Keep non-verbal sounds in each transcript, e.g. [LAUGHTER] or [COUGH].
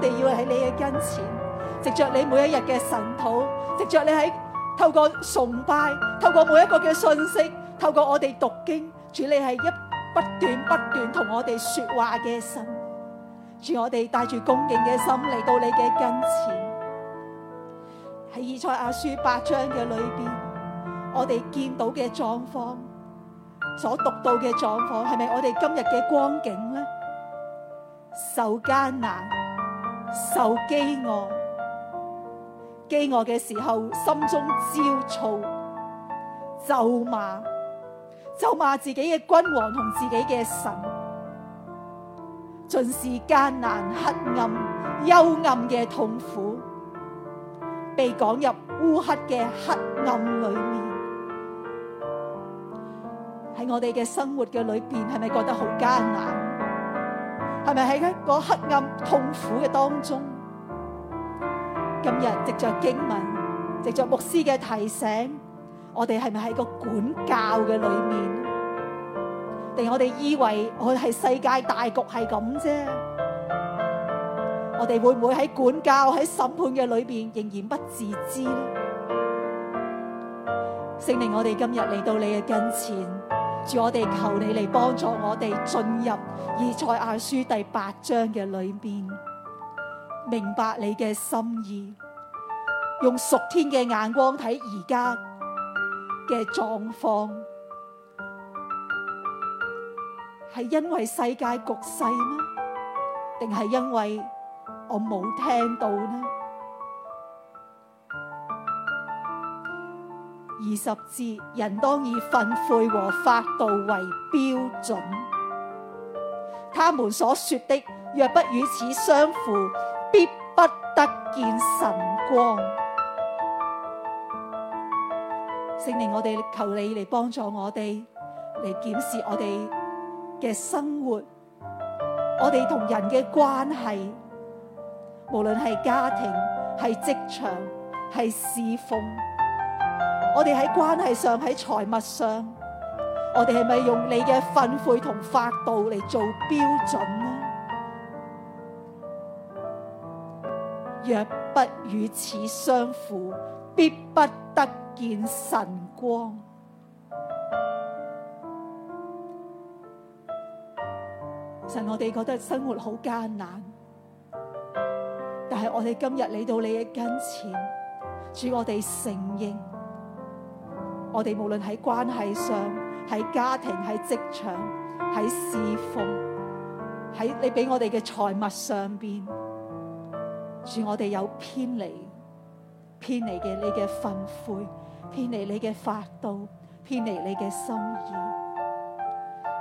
我哋要喺你嘅跟前，藉着你每一日嘅神土，藉着你喺透過崇拜、透過每一個嘅信息、透過我哋讀經，主你係一不斷不斷同我哋說話嘅神。主我哋帶住恭敬嘅心嚟到你嘅跟前。喺以賽亞書八章嘅裏邊，我哋見到嘅狀況，所讀到嘅狀況，係咪我哋今日嘅光景咧？受艱難。受飢餓，飢餓嘅時候心中焦躁，咒罵，咒罵自己嘅君王同自己嘅神，盡是艱難、黑暗、幽暗嘅痛苦，被趕入烏黑嘅黑暗裏面。喺我哋嘅生活嘅裏邊，係咪覺得好艱難？係咪喺一個黑暗痛苦嘅當中？今日藉着經文，藉着牧師嘅提醒，我哋係咪喺個管教嘅裏面？定我哋以為我係世界大局係咁啫？我哋會唔會喺管教喺審判嘅裏邊仍然不自知呢？聖靈，我哋今日嚟到你嘅跟前。主，我哋求你嚟幫助我哋進入以賽亞書第八章嘅裏面，明白你嘅心意，用屬天嘅眼光睇而家嘅狀況，係因為世界局勢咩？定係因為我冇聽到呢？二十節，人當以訓誨和法度為標準。他們所說的，若不與此相符，必不得見晨光。聖靈，我哋求你嚟幫助我哋，嚟檢視我哋嘅生活，我哋同人嘅關係，無論係家庭、係職場、係侍奉。我哋喺關係上，喺財物上，我哋係咪用你嘅訓誨同法度嚟做標準呢？若不與此相符，必不得見神光。其實我哋覺得生活好艱難，但係我哋今日嚟到你嘅跟前，主我哋承認。我哋無論喺關係上，喺家庭、喺職場、喺侍奉、喺你俾我哋嘅財物上邊，主我哋有偏離、偏離嘅你嘅訓誨、偏離你嘅法度、偏離你嘅心意。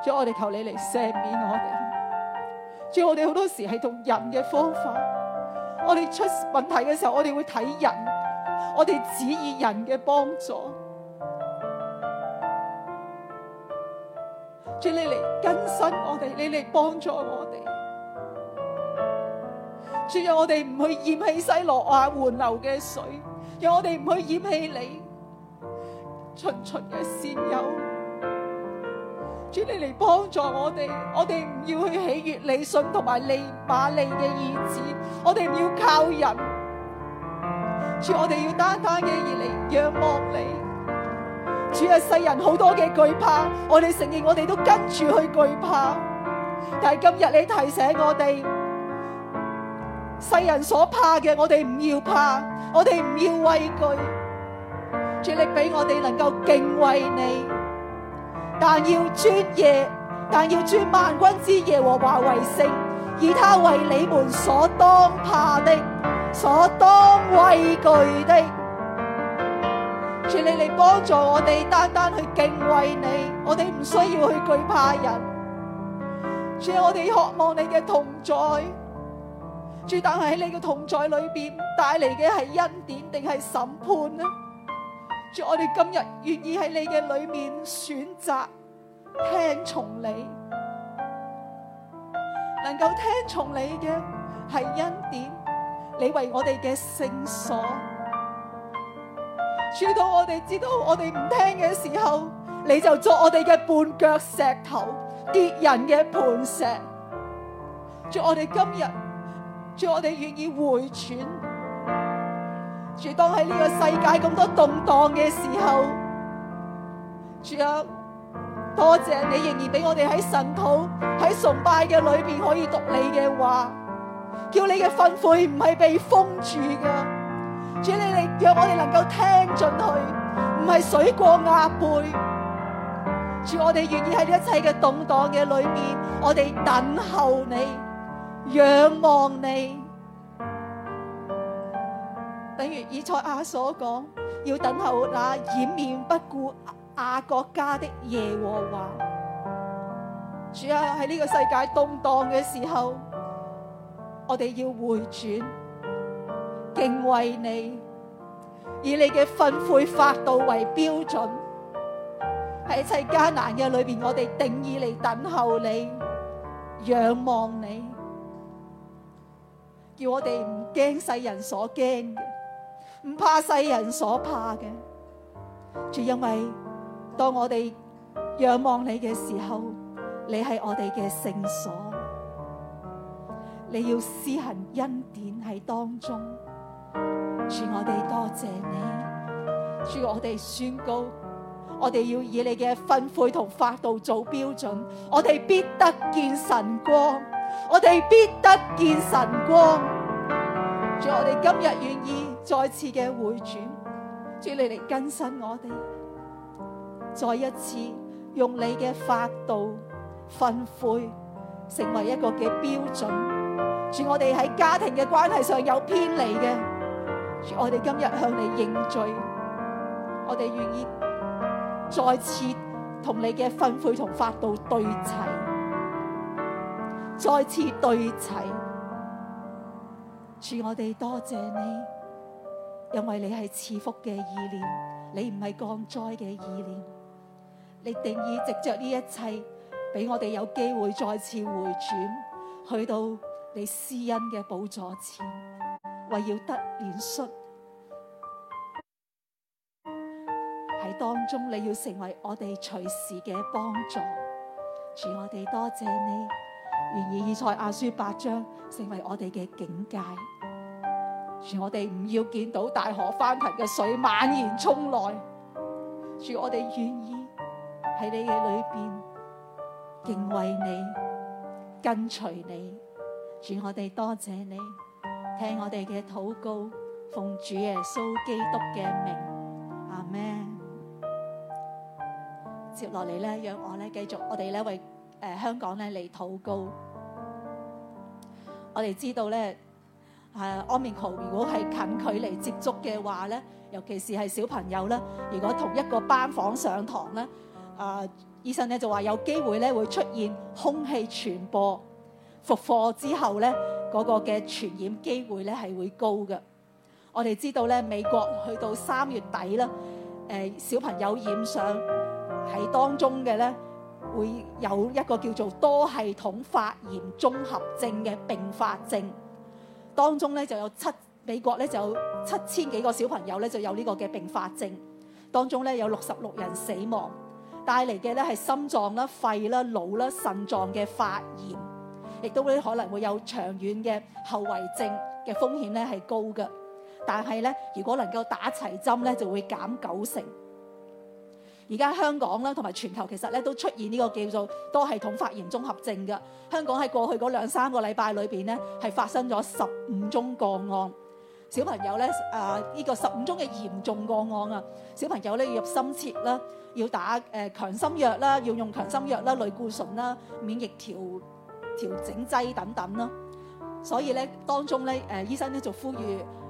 主我哋求你嚟赦免我哋。主我哋好多時係同人嘅方法，我哋出問題嘅時候，我哋會睇人，我哋只以人嘅幫助。主你嚟更新我哋，你嚟幫助我哋。主，讓我哋唔去厭棄西羅亞緩流嘅水，讓我哋唔去厭棄你循循嘅善誘。主你嚟幫助我哋，我哋唔要去喜悅利汛同埋利馬利嘅兒子，我哋唔要靠人。主我哋要單單嘅而嚟仰望你。主啊，世人好多嘅懼怕，我哋承認，我哋都跟住去懼怕。但係今日你提醒我哋，世人所怕嘅，我哋唔要怕，我哋唔要畏懼。主，你俾我哋能夠敬畏你，但要尊耶，但要尊萬軍之耶和華為聖，以他為你們所當怕的，所當畏懼的。主，你嚟，幫助我哋，單單去敬畏你，我哋唔需要去懼怕人。主，我哋渴望你嘅同在。主，但係喺你嘅同在裏邊帶嚟嘅係恩典定係審判呢？主，我哋今日願意喺你嘅裏面選擇聽從你，能夠聽從你嘅係恩典，你為我哋嘅聖所。主，到我哋知道我哋唔聽嘅時候，你就作我哋嘅絆腳石頭，跌人嘅磐石。主我哋今日，主我哋願意回轉。主，當喺呢個世界咁多動盪嘅時候，主啊，多謝你仍然俾我哋喺神土喺崇拜嘅裏邊可以讀你嘅話，叫你嘅訓誨唔係被封住㗎。主，你令讓我哋能夠聽進去，唔係水過鴨背。主，我哋願意喺呢一切嘅動盪嘅裏面，我哋等候你，仰望你。等於以賽亞所講，要等候那掩面不顧雅各家的耶和華。主啊，喺呢個世界動盪嘅時候，我哋要回轉。敬畏你，以你嘅悔悔法度為標準，喺一切艱難嘅裏邊，我哋定意嚟等候你，仰望你，叫我哋唔驚世人所驚嘅，唔怕世人所怕嘅。就因為當我哋仰望你嘅時候，你係我哋嘅聖所，你要施行恩典喺當中。主我哋多謝你，主我哋宣告，我哋要以你嘅訓誨同法度做標準，我哋必得見神光，我哋必得見神光。主我哋今日願意再次嘅回轉，主你嚟更新我哋，再一次用你嘅法度、訓誨成為一個嘅標準。主我哋喺家庭嘅關係上有偏離嘅。主，我哋今日向你認罪，我哋願意再次同你嘅訓誨同法度對齊，再次對齊。主，我哋多謝你，因為你係賜福嘅意念，你唔係降災嘅意念，你定意藉着呢一切，俾我哋有機會再次回轉，去到你施恩嘅寶座前。為要得憐恤，喺當中你要成為我哋隨時嘅幫助。主我哋多謝你，願意以賽亞書八章成為我哋嘅境界。主我哋唔要見到大河翻騰嘅水猛然衝來，主我哋願意喺你嘅裏面敬畏你，跟隨你。主我哋多謝你。聽我哋嘅禱告，奉主耶穌基督嘅名，阿門。接落嚟咧，讓我咧繼續，我哋咧為誒、呃、香港咧嚟禱告。我哋知道咧，誒、啊、Omicron 如果係近距離接觸嘅話咧，尤其是係小朋友啦，如果同一個班房上堂咧，啊，醫生咧就話有機會咧會出現空氣傳播。復課之後咧。嗰個嘅傳染機會咧係會高嘅，我哋知道咧美國去到三月底咧，誒小朋友染上喺當中嘅咧，會有一個叫做多系統發炎綜合症嘅並發症，當中咧就有七美國咧就有七千幾個小朋友咧就有呢個嘅並發症，當中咧有六十六人死亡，帶嚟嘅咧係心臟啦、肺啦、腦啦、腎臟嘅發炎。亦都咧可能會有長遠嘅後遺症嘅風險咧，係高嘅。但係咧，如果能夠打齊針咧，就會減九成。而家香港啦，同埋全球其實咧都出現呢個叫做多系統發炎綜合症㗎。香港喺過去嗰兩三個禮拜裏邊咧，係發生咗十五宗個案，小朋友咧啊！呢個十五宗嘅嚴重個案啊，小朋友咧要入深切啦，要打誒強心藥啦，要用強心藥啦、類固醇啦、免疫調調整劑等等咯，所以咧當中咧，誒醫生咧就呼籲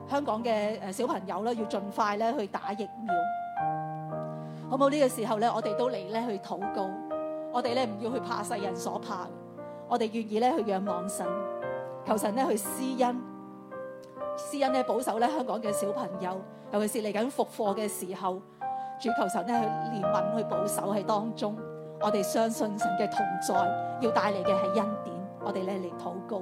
香港嘅誒小朋友咧要盡快咧去打疫苗，好唔好呢？呢個時候咧，我哋都嚟咧去禱告，我哋咧唔要去怕世人所怕，我哋願意咧去仰望神，求神咧去施恩，施恩咧保守咧香港嘅小朋友，尤其是嚟緊復課嘅時候，主求神咧去憐憫去保守喺當中，我哋相信神嘅同在要帶嚟嘅係恩典。我哋咧嚟禱告，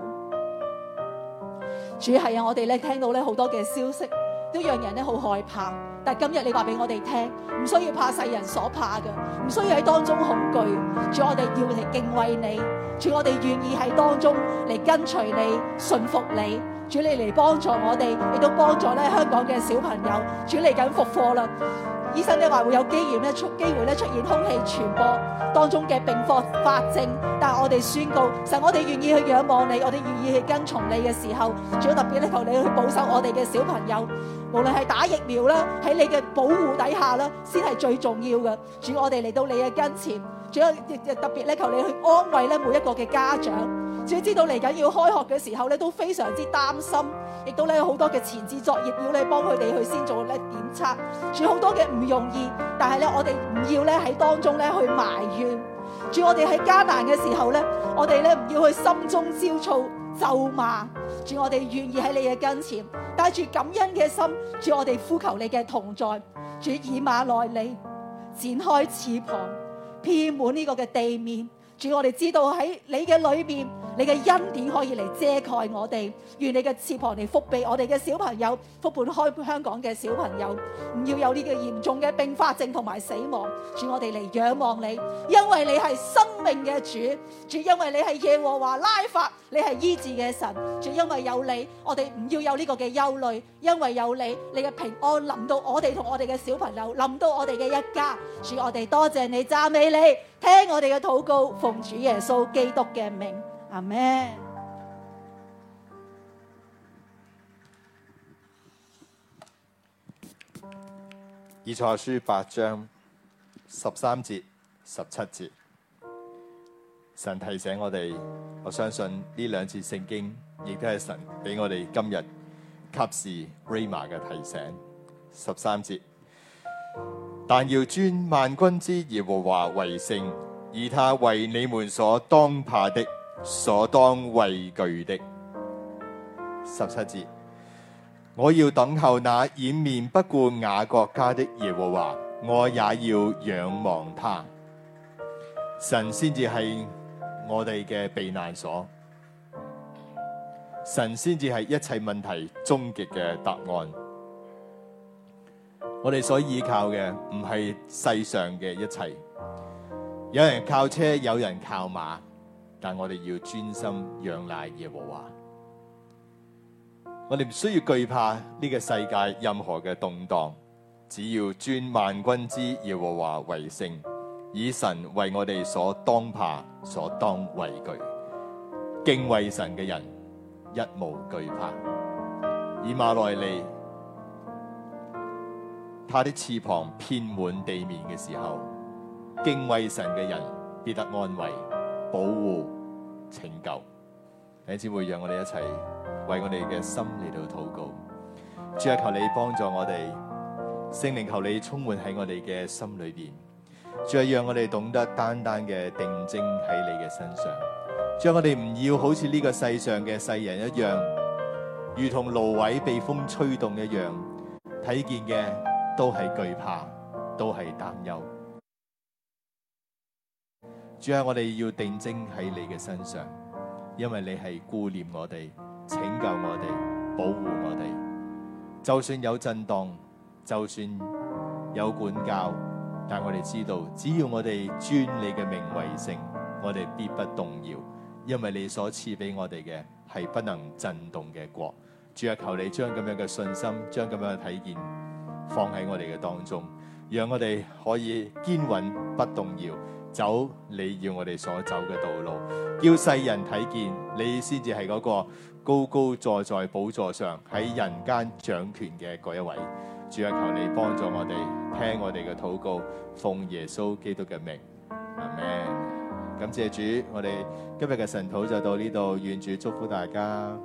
主係啊！我哋咧聽到咧好多嘅消息，都讓人咧好害怕。但今日你話俾我哋聽，唔需要怕世人所怕嘅，唔需要喺當中恐懼。主，我哋要嚟敬畏你，主，我哋願意喺當中嚟跟隨你、順服你。主，你嚟幫助我哋，亦都幫助咧香港嘅小朋友。主，嚟緊復課啦！醫生咧話會有機會咧出機會咧出現空氣傳播。當中嘅併發症，但我哋宣告，實我哋願意去仰望你，我哋願意去跟從你嘅時候，主要特別求你去保守我哋嘅小朋友，無論係打疫苗啦，喺你嘅保護底下啦，先係最重要嘅。主，我哋嚟到你嘅跟前，仲有特別求你去安慰每一個嘅家長。主知道嚟緊要開學嘅時候咧都非常之擔心，亦都咧有好多嘅前置作業要你幫佢哋去先做咧檢測，主好多嘅唔容易，但係咧我哋唔要咧喺當中咧去埋怨。主我哋喺艱難嘅時候咧，我哋咧唔要去心中焦躁咒罵。主我哋願意喺你嘅跟前，帶住感恩嘅心，主我哋呼求你嘅同在，主以馬內利展開翅膀，遍滿呢個嘅地面，主我哋知道喺你嘅裏邊。你嘅恩典可以嚟遮蓋我哋，願你嘅翅膀嚟覆庇我哋嘅小朋友，覆本開香港嘅小朋友，唔要有呢個嚴重嘅併發症同埋死亡。主我哋嚟仰望你，因為你係生命嘅主。主因為你係耶和華拉法，你係醫治嘅神。主因為有你，我哋唔要有呢個嘅憂慮。因為有你，你嘅平安臨到我哋同我哋嘅小朋友，臨到我哋嘅一家。主我哋多謝你，讚美你，聽我哋嘅禱告，奉主耶穌基督嘅名。阿 [MUSIC] 以賽亞書八章十三節、十七節，神提醒我哋。我相信呢兩節聖經亦都係神俾我哋今日及時 rhema 嘅提醒。十三節，但要尊萬軍之耶和華為聖，以他為你們所當怕的。所當畏懼的。十七節，我要等候那掩面不顧雅各家的耶和華，我也要仰望他。神先至係我哋嘅避難所，神先至係一切問題終極嘅答案。我哋所依靠嘅唔係世上嘅一切，有人靠車，有人靠馬，但我哋要專心仰賴耶和華，我哋唔需要懼怕呢個世界任何嘅動蕩，只要尊萬軍之耶和華為聖，以神為我哋所當怕、所當畏懼。敬畏神嘅人一無懼怕。以馬內利，他的翅膀遍滿地面嘅時候，敬畏神嘅人必得安慰。保護、拯救，你只會讓我哋一齊為我哋嘅心嚟到禱告。主啊，求你幫助我哋，聖靈求你充滿喺我哋嘅心裏邊。主啊，讓我哋懂得單單嘅定睛喺你嘅身上，主啊，我哋唔要好似呢個世上嘅世人一樣，如同蘆葦被風吹動一樣，睇見嘅都係懼怕，都係擔憂。主啊，我哋要定睛喺你嘅身上，因為你係顧念我哋、拯救我哋、保護我哋。就算有震蕩，就算有管教，但我哋知道，只要我哋尊你嘅名為聖，我哋必不動搖，因為你所賜俾我哋嘅係不能震動嘅國。主啊，求你將咁樣嘅信心、將咁樣嘅體驗放喺我哋嘅當中，讓我哋可以堅穩不動搖。走你要我哋所走嘅道路，叫世人睇見你先至係嗰個高高坐在寶座上喺人間掌權嘅嗰一位。主啊，求你幫助我哋聽我哋嘅禱告，奉耶穌基督嘅名。阿門。感謝主，我哋今日嘅神禱就到呢度，願主祝福大家。